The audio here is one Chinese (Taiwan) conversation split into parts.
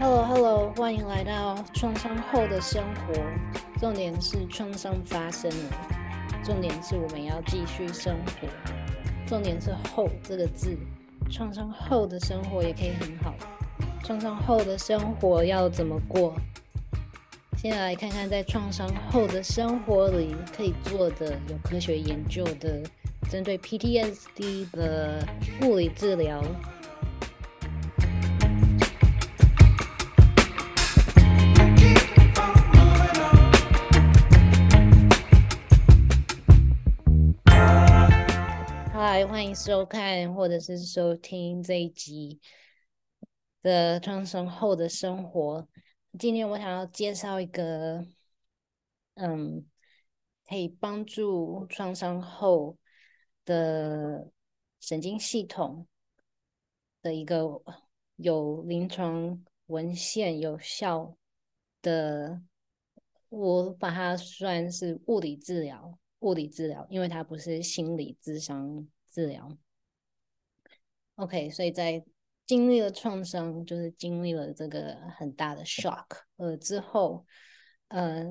Hello，Hello，hello，歡迎來到創傷後的生活。重點是創傷發生了，重點是我們要繼續生活。重點是後這個字，創傷後的生活也可以很好。創傷後的生活要怎麼過？先來看看在創傷後的生活裡可以做的有科學研究的針對 PTSD 的物理治療。收看或者是收聽這一集的創傷後的生活。今天我想要介紹一個，嗯，可以幫助創傷後的神經系統的一個有臨床文獻有效的，我把它算是物理治療。物理治療，因為它不是心理諮商。治療，OK，所以在經歷了創傷，就是經歷了這個很大的 shock，呃之後，呃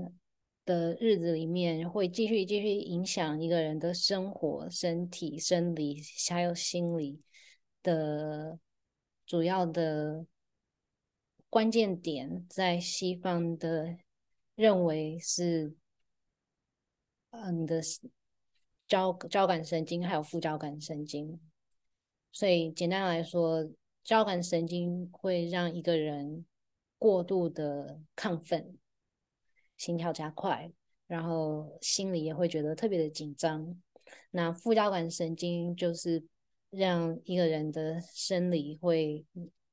的日子裡面會繼續繼續影響一個人的生活、身體、生理，還有心理的主要的關鍵點，在西方的認為是，嗯、呃、的。交交感神經還有副交感神經，所以簡單來說，交感神經會讓一個人過度的亢奮，心跳加快，然後心裡也會覺得特別的緊張。那副交感神經就是讓一個人的生理會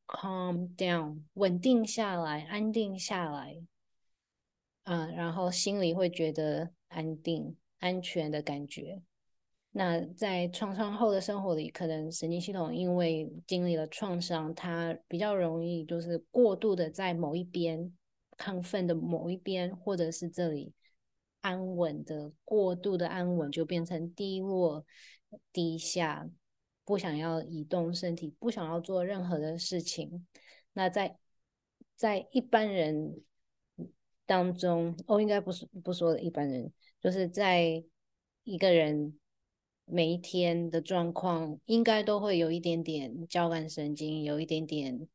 calm down，穩定下來，安定下來，啊，然後心裡會覺得安定。安全的感覺。那在創傷後的生活裡，可能神經系統因為經歷了創傷，它比較容易就是過度的在某一邊，亢奮的某一邊，或者是這裡安穩的，過度的安穩，就變成低落、低下，不想要移動身體，不想要做任何的事情。那在在一般人當中，哦，應該不是不說的一般人。就是在一個人每一天的狀況，應該都會有一點點交感神經，有一點點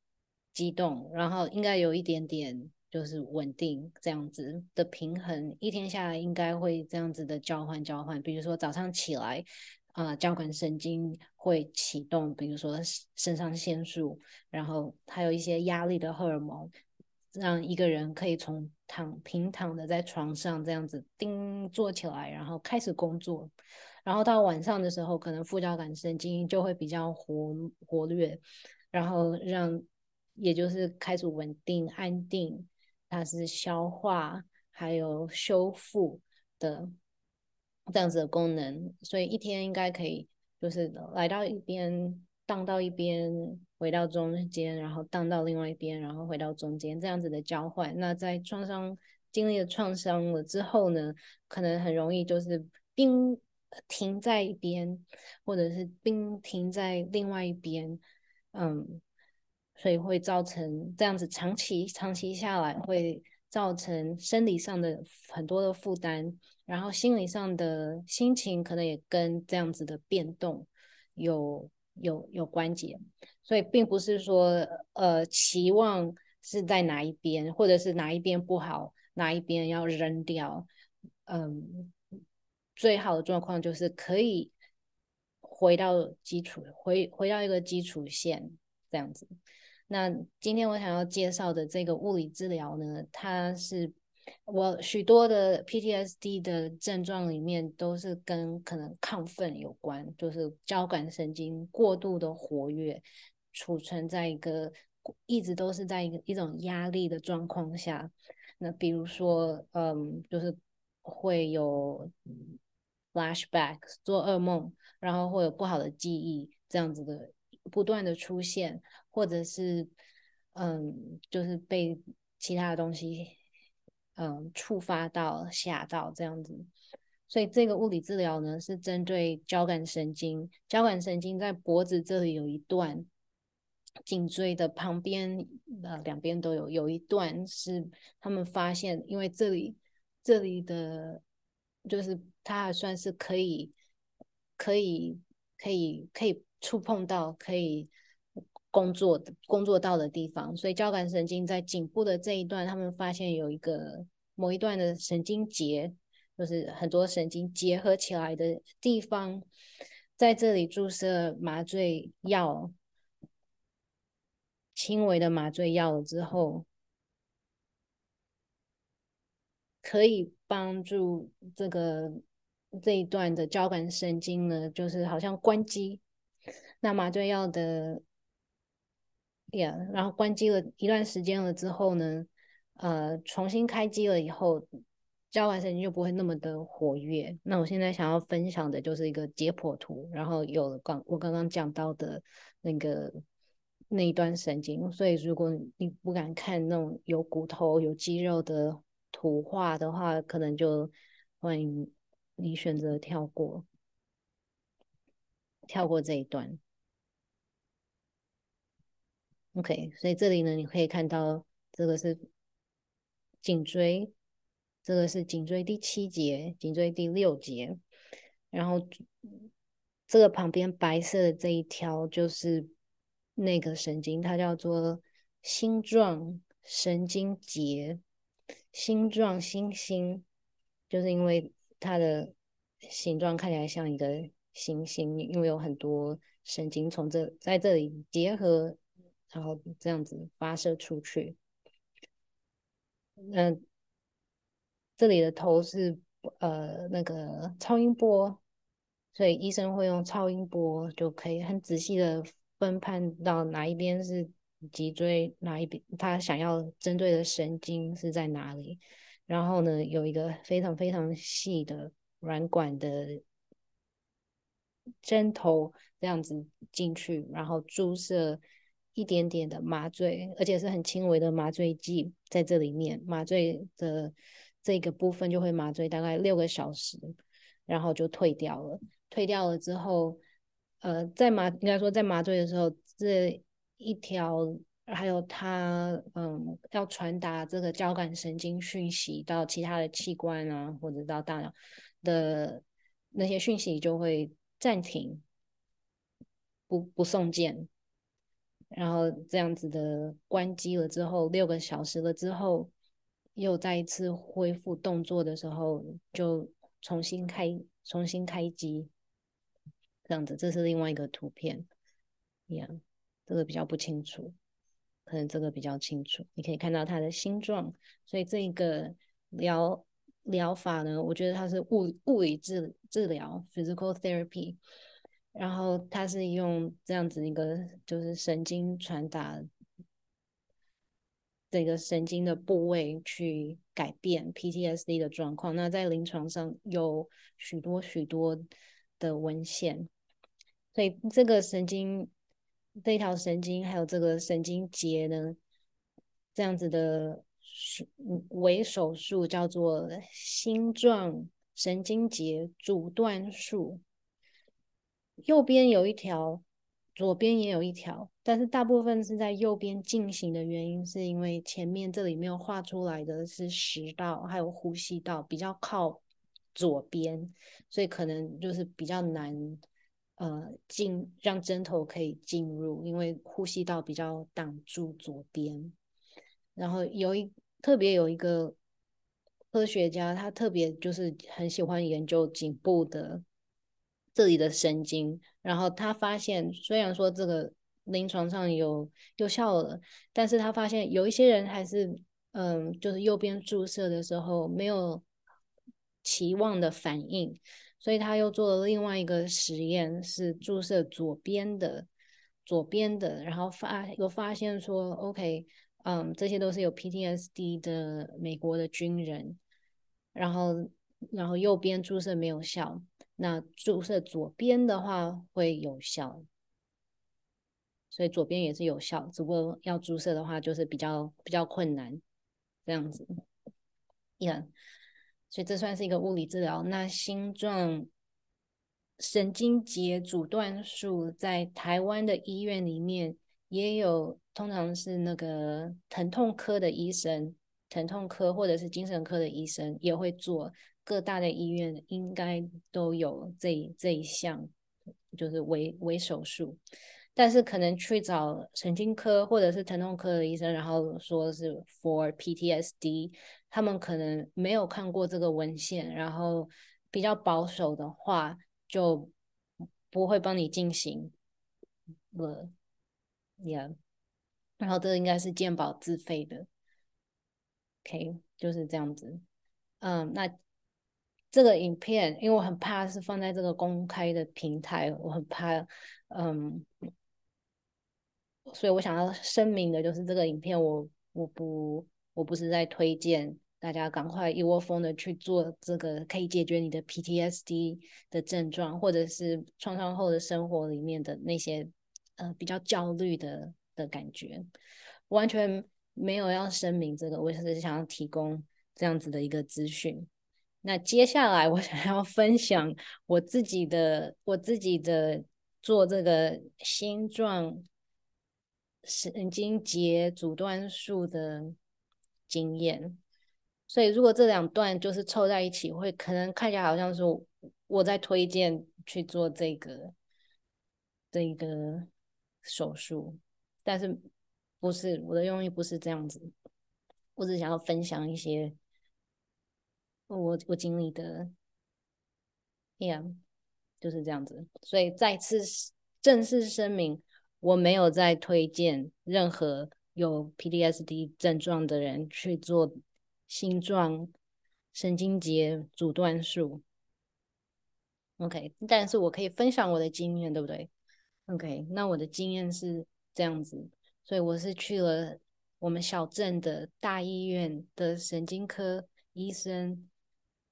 激動，然後應該有一點點就是穩定這樣子的平衡。一天下來，應該會這樣子的交換交換。比如說早上起來，啊、呃，交感神經會啟動，比如說腎上腺素，然後還有一些壓力的荷爾蒙，讓一個人可以從。躺平躺的在床上這樣子，叮坐起來，然後開始工作，然後到晚上的時候，可能副交感神經就會比較活活躍，然後讓也就是開始穩定安定，它是消化還有修復的這樣子的功能，所以一天應該可以就是來到一邊。盪到一邊，回到中間，然後盪到另外一邊，然後回到中間，這樣子的交換。那在創傷經歷了創傷了之後呢，可能很容易就是並停在一邊，或者是並停在另外一邊，嗯，所以會造成這樣子長期長期下來會造成生理上的很多的負擔，然後心理上的心情可能也跟這樣子的變動有。有有關節，所以並不是說呃期望是在哪一邊，或者是哪一邊不好，哪一邊要扔掉。嗯，最好的狀況就是可以回到基礎，回回到一個基礎線這樣子。那今天我想要介紹的這個物理治療呢，它是。我許多的 PTSD 的症狀裡面都是跟可能亢奮有關，就是交感神經過度的活躍，儲存在一個一直都是在一個一種壓力的狀況下。那比如說，嗯，就是會有 flashbacks，做噩夢，然後會有不好的記憶這樣子的不斷的出現，或者是嗯，就是被其他的東西。嗯，觸發到嚇到這樣子，所以這個物理治療呢，是針對交感神經。交感神經在脖子這裡有一段頸椎的旁邊，呃，兩邊都有，有一段是他們發現，因為這裡這裡的，就是它還算是可以可以可以可以觸碰到，可以。工作工作到的地方，所以交感神經在頸部的這一段，他們發現有一個某一段的神經節，就是很多神經結合起來的地方，在這裡注射麻醉藥，輕微的麻醉藥之後，可以幫助這個這一段的交感神經呢，就是好像關機。那麻醉藥的。y、yeah, 然後關機了一段時間了之後呢，呃，重新開機了以後，交感神經就不會那麼的活躍。那我現在想要分享的就是一個解剖圖，然後有了剛我剛剛講到的那個那一段神經。所以如果你不敢看那種有骨頭、有肌肉的圖畫的話，可能就歡迎你選擇跳過，跳過這一段。OK，所以這裡呢，你可以看到這個是頸椎，這個是頸椎第七節、頸椎第六節，然後這個旁邊白色的這一條就是那個神經，它叫做星狀神經節，星狀星星，就是因為它的形狀看起來像一個星星，因為有很多神經從這在這裡結合。然後這樣子發射出去，那這裡的頭是呃那個超音波，所以醫生會用超音波就可以很仔細的分判到哪一邊是脊椎，哪一邊他想要針對的神經是在哪裡。然後呢，有一個非常非常細的軟管的針頭這樣子進去，然後注射。一點點的麻醉，而且是很輕微的麻醉劑在這裡面。麻醉的這個部分就會麻醉大概六個小時，然後就退掉了。退掉了之後，呃，在麻應該說在麻醉的時候，這一條還有它，嗯，要傳達這個交感神經訊息到其他的器官啊，或者到大腦的那些訊息就會暫停，不不送件。然後這樣子的關機了之後，六個小時了之後，又再一次恢復動作的時候，就重新開重新開機，這樣子，這是另外一個圖片，一樣，這個比較不清楚，可能這個比較清楚，你可以看到它的形狀。所以這一個療療法呢，我覺得它是物物理治治療 （physical therapy）。然後它，是用這樣子一個，就是神經傳達這個神經的部位去改變 PTSD 的狀況。那在臨床上有許多許多的文獻，所以這個神經這條神經還有這個神經節呢，這樣子的手微手術叫做星狀神經節阻斷術。右邊有一條，左邊也有一條，但是大部分是在右邊進行的原因，是因為前面這裡沒有畫出來的是食道，還有呼吸道比較靠左邊，所以可能就是比較難，呃，進讓針頭可以進入，因為呼吸道比較擋住左邊。然後有一特別有一個科學家，他特別就是很喜歡研究頸部的。這裡的神經，然後他發現，雖然說這個臨床上有有效了，但是他發現有一些人還是，嗯，就是右邊注射的時候沒有期望的反應，所以他又做了另外一個實驗，是注射左邊的，左邊的，然後發又發現說，OK，嗯，這些都是有 PTSD 的美國的軍人，然後然後右邊注射沒有效。那注射左邊的話會有效，所以左邊也是有效，只不過要注射的話就是比較比較困難，這樣子，yeah. 所以這算是一個物理治療。那星狀神經節阻斷術在台灣的醫院裡面也有，通常是那個疼痛科的醫生、疼痛科或者是精神科的醫生也會做。各大的醫院應該都有這這一項，就是微微手術，但是可能去找神經科或者是疼痛科的醫生，然後說是 for PTSD，他們可能沒有看過這個文獻，然後比較保守的話就不會幫你進行了，也、yeah.，然後這應該是健保自費的，OK，就是這樣子，嗯，那。這個影片，因為我很怕是放在這個公開的平台，我很怕，嗯，所以我想要聲明的就是，這個影片我我不我不是在推薦大家趕快一窩蜂的去做這個，可以解決你的 PTSD 的症狀，或者是創傷後的生活裡面的那些呃比較焦慮的的感覺，完全沒有要聲明這個，我只是想要提供這樣子的一個資訊。那接下來我想要分享我自己的我自己的做這個星狀神經節阻斷術的經驗，所以如果這兩段就是湊在一起，會可能看起來好像是我在推薦去做這個這一個手術，但是不是，我的用意不是這樣子，我只想要分享一些。我我經歷的，Yeah，就是這樣子。所以再次正式聲明，我沒有在推薦任何有 PTSD 症狀的人去做星狀神經節阻斷術。OK，但是我可以分享我的經驗，對不對？OK，那我的經驗是這樣子，所以我是去了我們小鎮的大醫院的神經科醫生。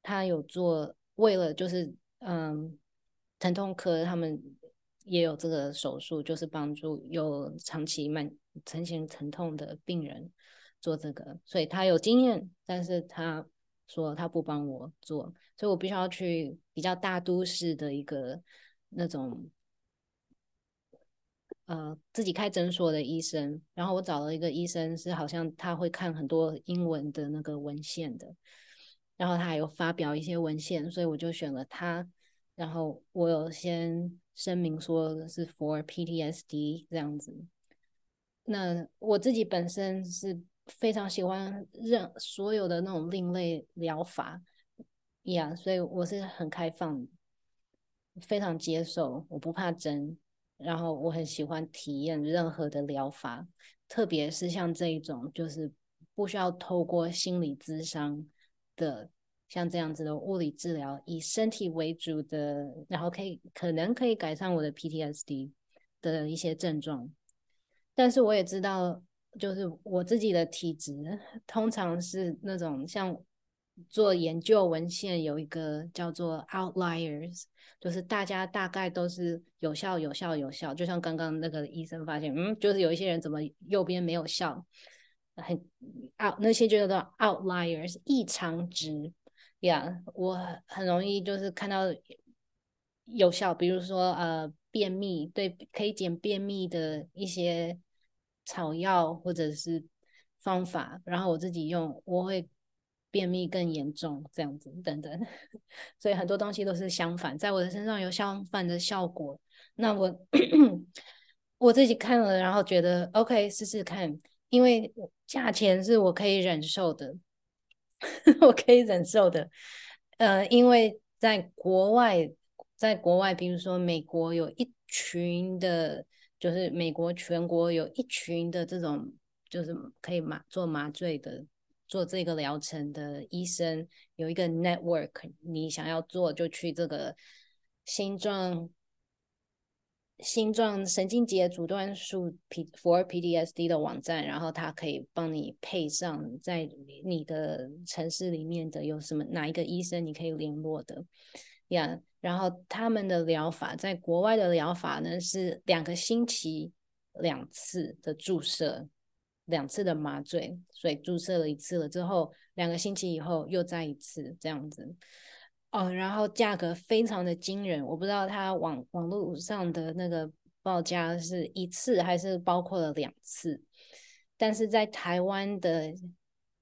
他有做，為了就是，嗯，疼痛科他們也有這個手術，就是幫助有長期慢、慢性疼痛的病人做這個，所以他有經驗，但是他說他不幫我做，所以我必須要去比較大都市的一個那種，呃，自己開診所的醫生，然後我找了一個醫生，是好像他會看很多英文的那個文獻的。然後他還有發表一些文獻，所以我就選了他。然後我有先聲明說是 for PTSD 這樣子。那我自己本身是非常喜歡任所有的那種另類療法呀，yeah, 所以我是很開放，非常接受，我不怕針。然後我很喜歡體驗任何的療法，特別是像這一種就是不需要透過心理諮商。的像這樣子的物理治療，以身體為主的，然後可以可能可以改善我的 PTSD 的一些症狀。但是我也知道，就是我自己的體質通常是那種像做研究文獻有一個叫做 outliers，就是大家大概都是有效、有效、有效。就像剛剛那個醫生發現，嗯，就是有一些人怎麼右邊沒有效。很啊，那些就叫做 outliers 異常值，呀、yeah，我很容易就是看到有效，比如說呃便秘，對，可以減便秘的一些草藥或者是方法，然後我自己用我會便秘更嚴重這樣子等等， 所以很多東西都是相反，在我的身上有相反的效果，那我 我自己看了然後覺得 OK 試試看。因為價錢是我可以忍受的， 我可以忍受的。呃，因為在國外，在國外，比如說美國，有一群的，就是美國全國有一群的這種，就是可以麻做麻醉的，做這個療程的醫生有一個 network，你想要做就去這個星狀。星狀神經節阻斷術 P for PTSD 的網站，然後它可以幫你配上在你的城市裡面的有什麼哪一個醫生你可以聯絡的呀？Yeah, 然後他們的療法，在國外的療法呢，是兩個星期兩次的注射，兩次的麻醉，所以注射了一次了之後，兩個星期以後又再一次這樣子。嗯、哦，然後價格非常的驚人，我不知道它網網絡上的那個報價是一次還是包括了兩次，但是在台灣的，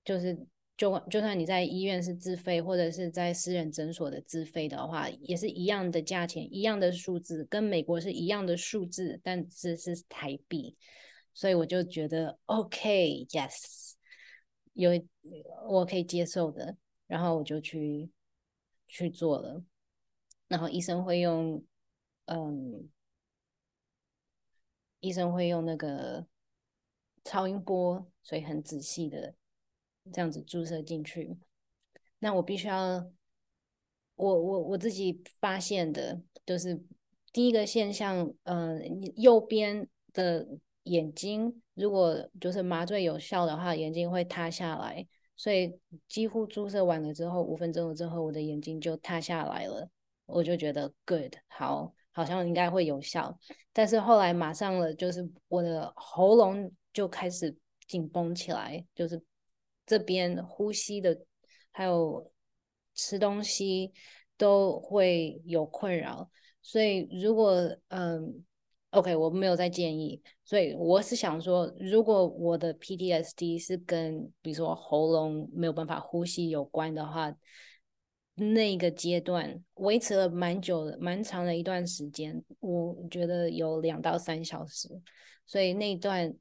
就是就就算你在醫院是自費或者是在私人診所的自費的話，也是一樣的價錢，一樣的數字，跟美國是一樣的數字，但是是台幣，所以我就覺得 OK，Yes，、okay, 有我可以接受的，然後我就去，去做了，然後醫生會用，嗯，醫生會用那個超音波，所以很仔細的這樣子注射進去。那我必須要，我我我自己發現的，就是第一個現象，嗯，右邊的眼睛如果就是麻醉有效的話，眼睛會塌下來。所以幾乎注射完了之後，五分鐘了之後，我的眼睛就塌下來了，我就覺得 good 好，好像應該會有效。但是後來馬上了，就是我的喉嚨就開始緊繃起來，就是這邊呼吸的還有吃東西都會有困擾。所以如果嗯。OK，我沒有在建議，所以我是想說，如果我的 PTSD 是跟比如說喉嚨沒有辦法呼吸有關的話，那個階段維持了蠻久的，蠻長的一段時間，我覺得有兩到三小時，所以那段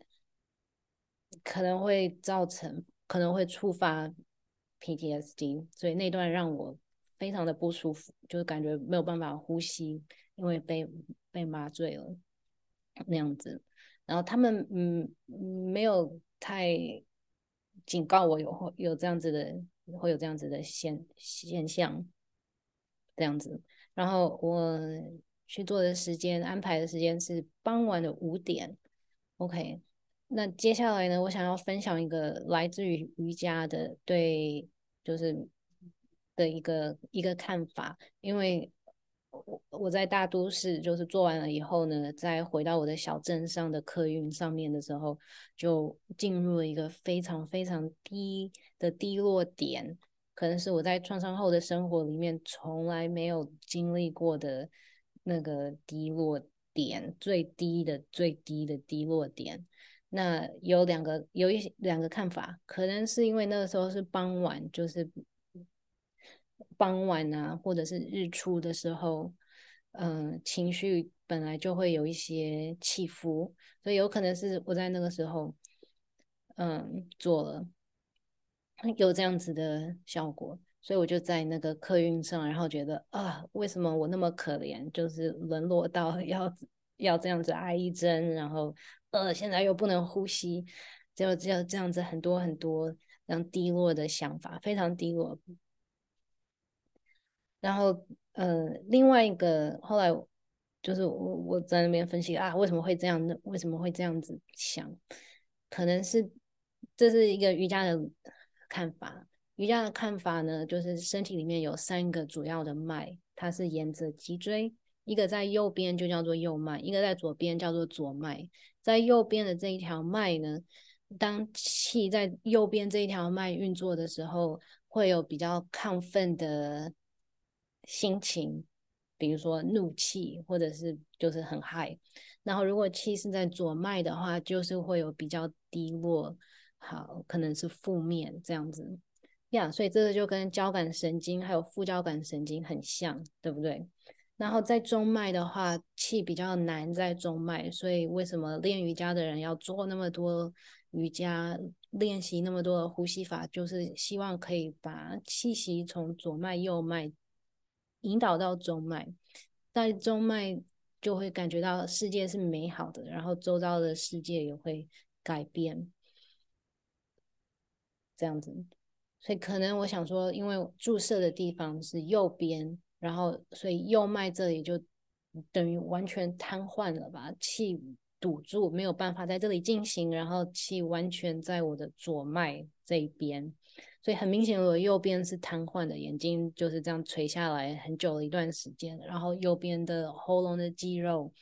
可能會造成，可能會觸發 PTSD，所以那段讓我非常的不舒服，就是感覺沒有辦法呼吸，因為被被麻醉了。那樣子，然後他們嗯沒有太警告我有會有這樣子的會有這樣子的現現象這樣子，然後我去做的時間安排的時間是傍晚的五點，OK，那接下來呢，我想要分享一個來自於瑜伽的對就是的一個一個看法，因為。我在大都市，就是做完了以後呢，再回到我的小鎮上的客運上面的時候，就進入了一個非常非常低的低落點，可能是我在創傷後的生活裡面從來沒有經歷過的那個低落點，最低的最低的低落點。那有兩個有一兩個看法，可能是因為那個時候是傍晚，就是。傍晚啊，或者是日出的時候，嗯、呃，情緒本來就會有一些起伏，所以有可能是我在那個時候，嗯、呃，做了有這樣子的效果，所以我就在那個客運上，然後覺得啊，為什麼我那麼可憐，就是淪落到要要這樣子挨一針，然後呃，現在又不能呼吸，就就這樣子，很多很多這樣低落的想法，非常低落。然後，呃，另外一個後來就是我我在那邊分析啊，為什麼會這樣呢？為什麼會這樣子想？可能是這是一個瑜伽的看法。瑜伽的看法呢，就是身體裡面有三個主要的脈，它是沿着脊椎，一個在右邊就叫做右脈，一個在左邊叫做左脈。在右邊的這一條脈呢，當氣在右邊這一條脈運作的時候，會有比較亢奮的心情，比如說怒氣，或者是就是很嗨。然後如果氣是在左脈的話，就是會有比較低落，好，可能是負面這樣子。呀、yeah，所以這個就跟交感神經還有副交感神經很像，對不對？然後在中脈的話，氣比較難在中脈，所以為什麼練瑜伽的人要做那麼多瑜伽練習那麼多呼吸法，就是希望可以把氣息從左脈右脈。引導到中脈，但中脈就會感覺到世界是美好的，然後周遭的世界也會改變，這樣子。所以可能我想說，因為注射的地方是右邊，然後所以右脈這裡就等於完全癱瘓了吧，氣堵住，沒有辦法在這裡進行，然後氣完全在我的左脈這邊。所以很明顯，我右邊是癱瘓的，眼睛就是這樣垂下來很久了一段時間，然後右邊的喉嚨的肌肉、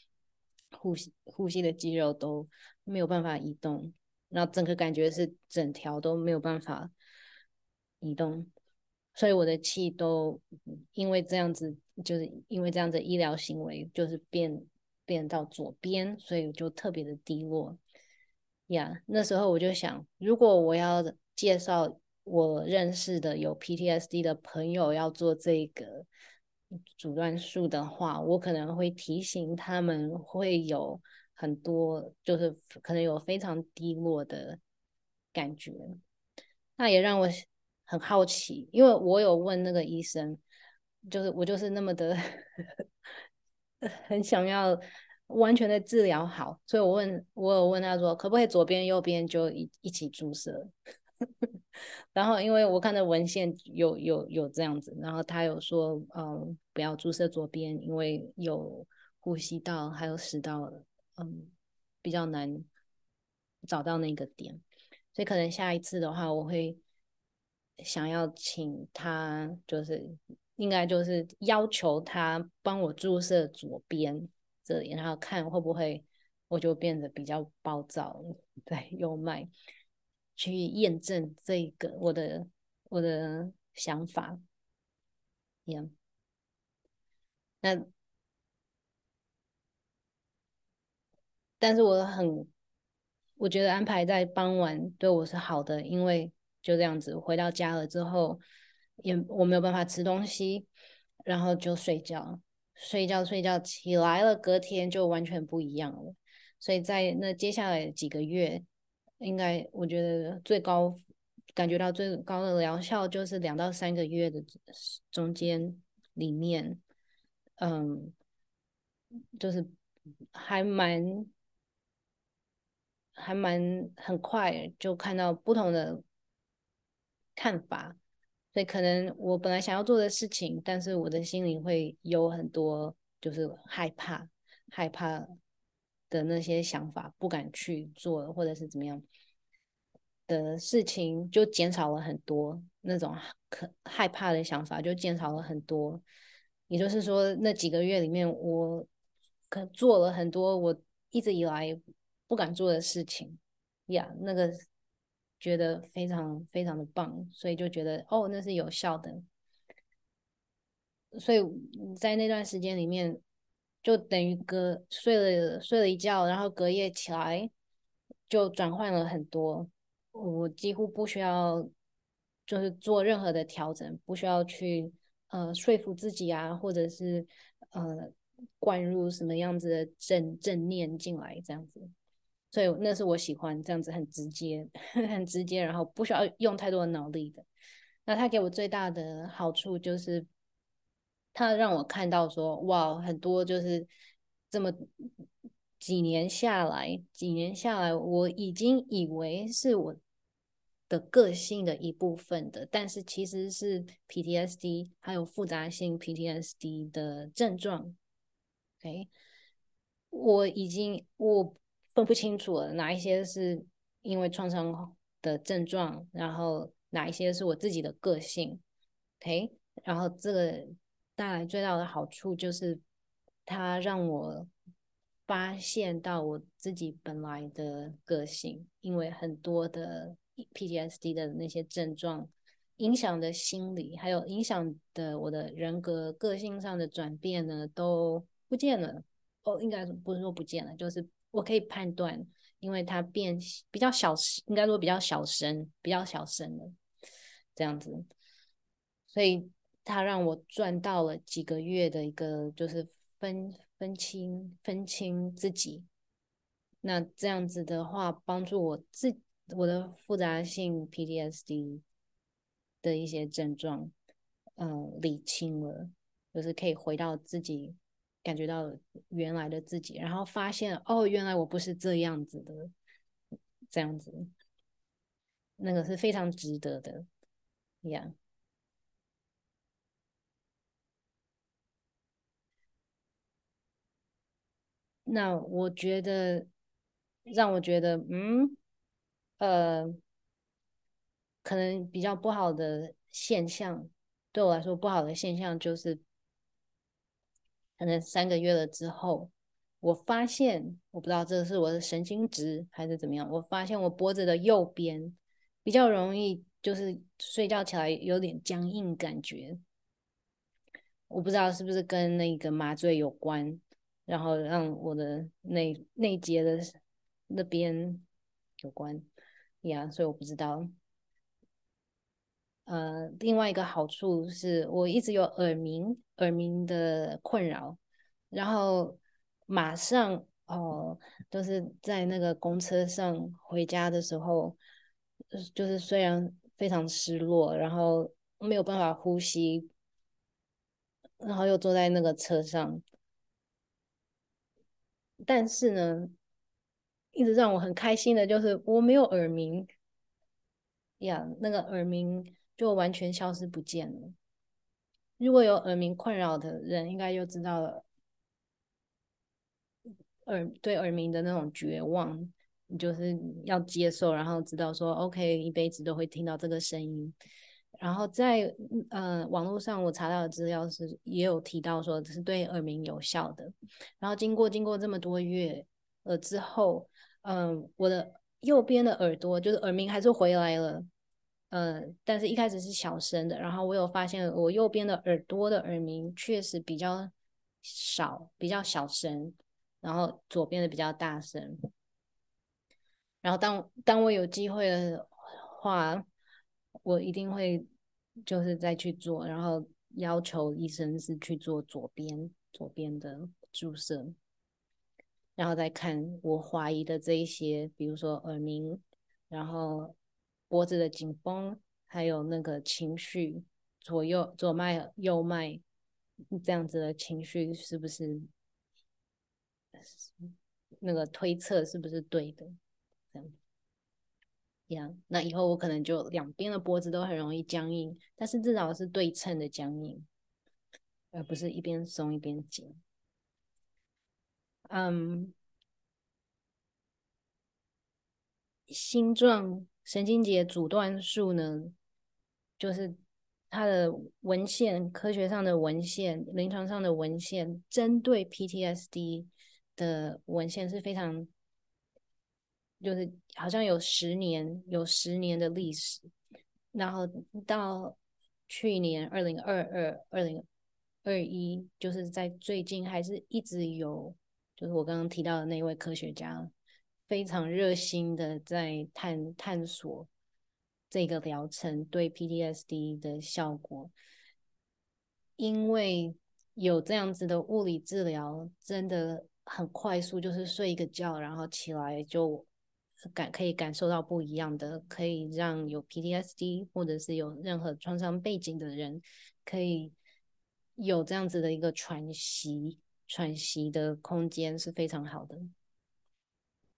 呼吸呼吸的肌肉都沒有辦法移動，然後整個感覺是整條都沒有辦法移動，所以我的氣都因為這樣子，就是因為這樣子的醫療行為，就是變變到左邊，所以就特別的低落。呀，yeah，那時候我就想，如果我要介紹。我認識的有 PTSD 的朋友要做這個阻斷術的話，我可能會提醒他們會有很多，就是可能有非常低落的感覺。那也讓我很好奇，因為我有問那個醫生，就是我就是那麼的 很想要完全的治療好，所以我問我有問他說，可不可以左邊右邊就一一起注射？ 然後，因為我看的文獻有有有這樣子，然後他有說，嗯，不要注射左邊，因為有呼吸道還有食道，嗯，比較難找到那個點，所以可能下一次的話，我會想要請他，就是應該就是要求他幫我注射左邊這裡，然後看會不會我就變得比較暴躁，對，右脈。去驗證這個我的我的想法，也、yeah.，那，但是我很，我覺得安排在傍晚對我是好的，因為就這樣子回到家了之後，也我沒有辦法吃東西，然後就睡覺，睡覺睡覺起來了，隔天就完全不一樣了，所以在那接下來幾個月。應該，我覺得最高感覺到最高的療效就是兩到三個月的中間裡面，嗯，就是還蠻還蠻很快就看到不同的看法，所以可能我本來想要做的事情，但是我的心裡會有很多就是害怕，害怕的那些想法不敢去做，或者是怎麼樣的事情，就減少了很多。那種可害怕的想法就減少了很多。也就是說，那幾個月裡面，我可做了很多我一直以來不敢做的事情呀。Yeah, 那個覺得非常非常的棒，所以就覺得哦，那是有效的。所以在那段時間裡面。就等於隔睡了睡了一覺，然後隔夜起來就轉換了很多。我幾乎不需要就是做任何的調整，不需要去呃說服自己啊，或者是呃灌入什麼樣子的正正念進來這樣子。所以那是我喜歡這樣子，很直接，很直接，然後不需要用太多的腦力的。那它給我最大的好處就是。他讓我看到說，哇，很多就是這麼幾年下來，幾年下來，我已經以為是我的個性的一部分的，但是其實是 PTSD 還有複雜性 PTSD 的症狀。Okay? 我已經我分不清楚了，哪一些是因為創傷的症狀，然後哪一些是我自己的個性。Okay? 然後這個。帶來最大的好處就是，它讓我發現到我自己本來的個性，因為很多的 PTSD 的那些症狀，影響的心理，還有影響的我的人格、個性上的轉變呢，都不見了。哦，應該不是說不見了，就是我可以判斷，因為它變比較小，應該說比較小聲，比較小聲了，這樣子，所以。他讓我賺到了幾個月的一個，就是分分清分清自己。那這樣子的話，幫助我自我的複雜性 PTSD 的一些症狀，嗯，理清了，就是可以回到自己感覺到原來的自己，然後發現哦，原來我不是這樣子的，這樣子，那個是非常值得的，呀。那我覺得，讓我覺得，嗯，呃，可能比較不好的現象，對我來說不好的現象就是，可能三個月了之後，我發現，我不知道這是我的神經質還是怎麼樣，我發現我脖子的右邊比較容易，就是睡覺起來有點僵硬感覺，我不知道是不是跟那個麻醉有關。然後讓我的內內節的那邊有關，呀、yeah，所以我不知道。呃，另外一個好處是我一直有耳鳴，耳鳴的困擾。然後馬上哦、呃，就是在那個公車上回家的時候，就是雖然非常失落，然後沒有辦法呼吸，然後又坐在那個車上。但是呢，一直讓我很開心的就是我沒有耳鳴呀，yeah, 那個耳鳴就完全消失不見了。如果有耳鳴困擾的人，應該就知道了耳對耳鳴的那種絕望，就是要接受，然後知道說 OK，一輩子都會聽到這個聲音。然後在嗯、呃、網絡上我查到的資料是，也有提到說，這是對耳鳴有效的。然後經過經過這麼多月了、呃、之後，嗯、呃，我的右邊的耳朵就是耳鳴還是回來了、呃，但是一開始是小聲的。然後我有發現我右邊的耳朵的耳鳴確實比較少，比較小聲，然後左邊的比較大聲。然後當當我有機會的話。我一定會，就是再去做，然後要求醫生是去做左邊，左邊的注射，然後再看我懷疑的這一些，比如說耳鳴，然後脖子的緊繃，還有那個情緒，左右，左脈、右脈，這樣子的情緒是不是，那個推測是不是對的，這樣。樣，那以後我可能就兩邊的脖子都很容易僵硬，但是至少是對稱的僵硬，而不是一邊鬆一邊緊。嗯，星狀神經節阻斷術呢，就是它的文獻，科學上的文獻，臨床上的文獻，針對 PTSD 的文獻是非常。就是好像有十年有十年的歷史，然後到去年二零二二二零二一，就是在最近還是一直有，就是我剛剛提到的那位科學家，非常熱心的在探探索這個療程對 PTSD 的效果。因為有這樣子的物理治療，真的很快速，就是睡一個覺，然後起來就。感可以感受到不一樣的，可以讓有 PTSD 或者是有任何創傷背景的人，可以有這樣子的一個喘息、喘息的空間是非常好的。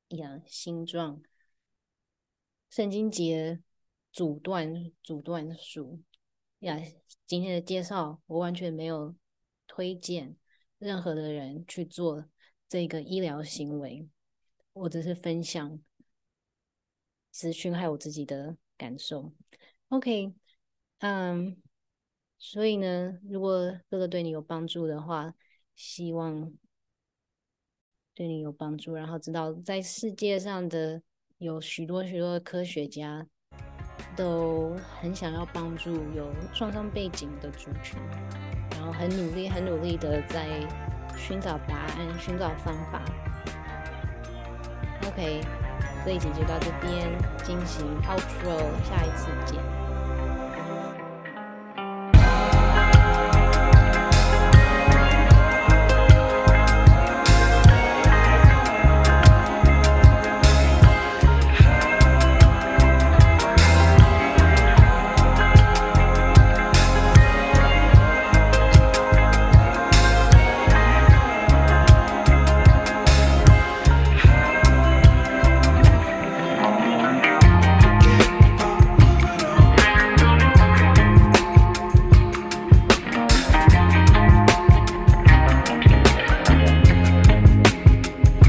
呀、yeah,，星狀神經節阻斷、阻斷術。呀、yeah,，今天的介紹我完全沒有推薦任何的人去做這個醫療行為，我只是分享。是，資訊還有我自己的感受，OK，嗯、um,，所以呢，如果這個對你有幫助的話，希望對你有幫助，然後知道在世界上的有許多許多的科學家都很想要幫助有創傷背景的族群，然後很努力很努力的在尋找答案、尋找方法，OK。這一集就到這邊，進行 outro，下一次見。